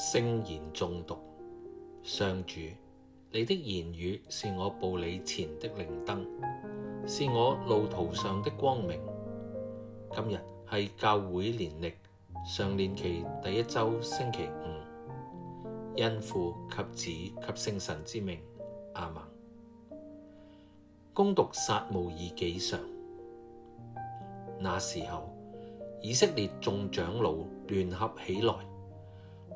聖言誦讀，上主，你的言語是我步你前的靈燈，是我路途上的光明。今日係教會年曆常年期第一周星期五，因父及子及聖神之名，亞孟。恭讀撒慕爾紀上，那時候，以色列眾長老聯合起來。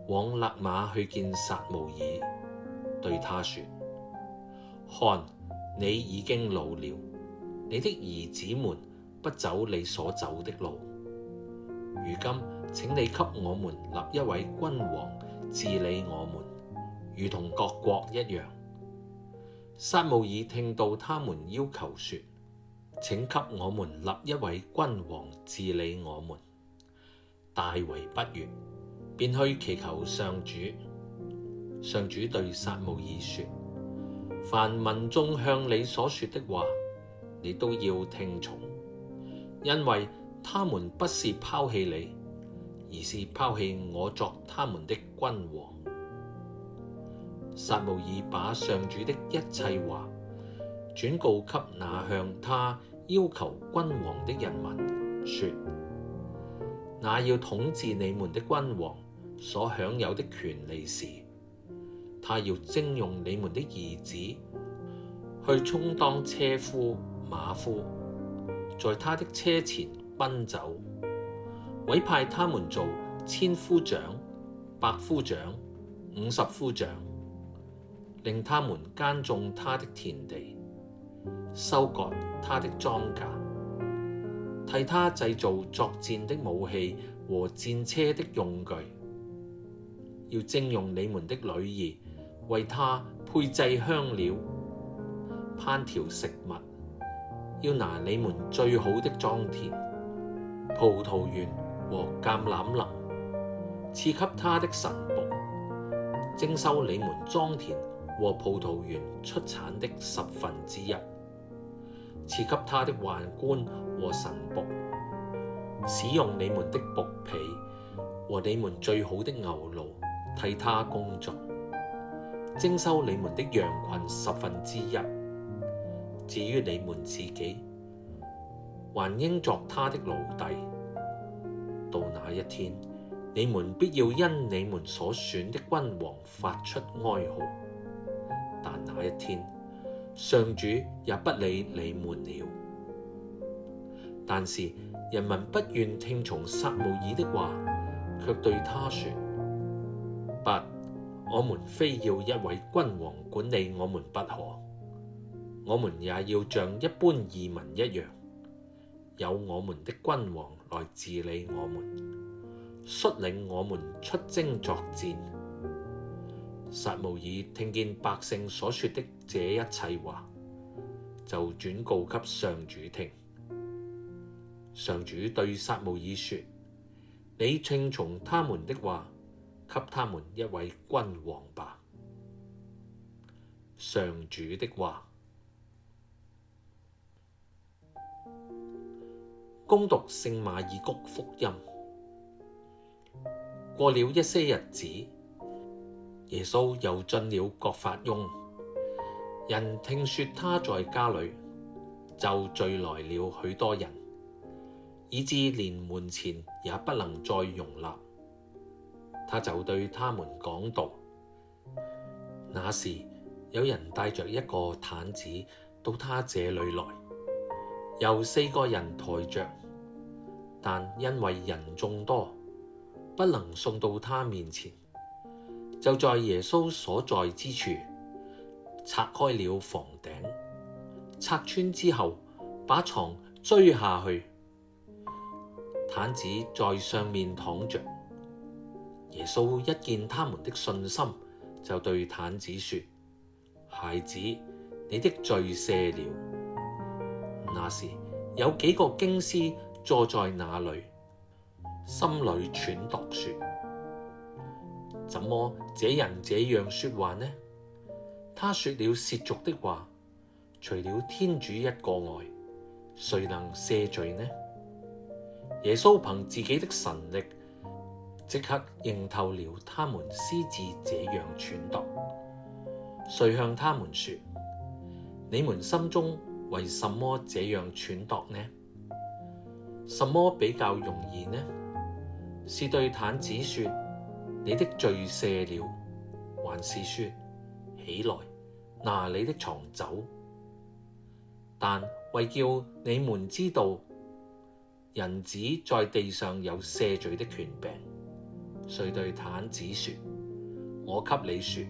往辣瑪去見撒慕爾，對他說：看，你已經老了，你的兒子們不走你所走的路。如今，請你給我們立一位君王治理我們，如同各國一樣。撒慕爾聽到他們要求說：請給我們立一位君王治理我們，大為不悅。便去祈求上主，上主對撒慕爾說：凡民眾向你所說的話，你都要聽從，因為他們不是拋棄你，而是拋棄我作他們的君王。撒慕爾把上主的一切話轉告給那向他要求君王的人民，說：那要統治你們的君王。所享有的權利是，他要徵用你們的兒子去充當車夫、馬夫，在他的車前奔走，委派他們做千夫長、百夫長、五十夫長，令他們耕種他的田地，收割他的莊稼，替他製造作戰的武器和戰車的用具。要徵用你們的女兒為他配製香料、烹調食物；要拿你們最好的莊田、葡萄園和橄欖林，賜給他的臣僕，徵收你們莊田和葡萄園出產的十分之一，賜給他的宦官和臣僕。使用你們的僕婢和你們最好的牛驢，替他工作，徵收你們的羊群十分之一。至於你們自己，還應作他的奴隸。到那一天，你們必要因你們所選的君王發出哀號。但那一天，上主也不理你們了。但是人民不願聽從撒慕爾的話，却對他說。八→不，But, 我們非要一位君王管理我們不可。我們也要像一般異民一樣，有我們的君王來治理我們，率領我們出征作戰。撒慕爾聽見百姓所說的這一切話，就轉告給上主聽。上主對撒慕爾說：你聽從他們的話。給他們一位君王吧。上主的話。恭讀聖馬爾谷福音。過了一些日子，耶穌又進了葛法翁。人聽說他在家裏，就聚來了許多人，以致連門前也不能再容納。他就對他們講道。那時，有人帶着一個癱子到他這裏來，由四個人抬着，但因為人眾多，不能送到他面前，就在耶穌所在之處，拆開了房頂，拆穿之後，把床縋下去，癱子在上面躺着。耶穌一見他們的信心，就對癱子說：孩子，你的罪赦了。那時有幾個經師坐在那裏，心裏忖度說：怎麼這人這樣說話呢？他說了褻瀆的話，除了天主一個外，誰能赦罪呢？耶穌憑自己的神力。即刻認透了，他們私自這樣忖度。遂向他們說：你們心中為什麼這樣忖度呢？什麼比較容易呢？是對癱子說你的罪赦了，還是說起來拿你的床走？但為叫你們知道，人子在地上有赦罪的權柄。遂對癱子說：我給你說，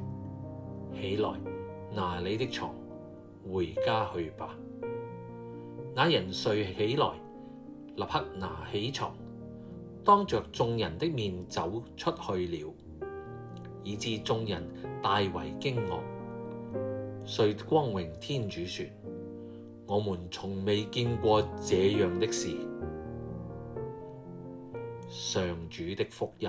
起來，拿你的床，回家去吧。那人遂起來，立刻拿起床，當着眾人的面走出去了，以致眾人大為驚愕。遂光榮天主說：我們從未見過這樣的事。上主的福音。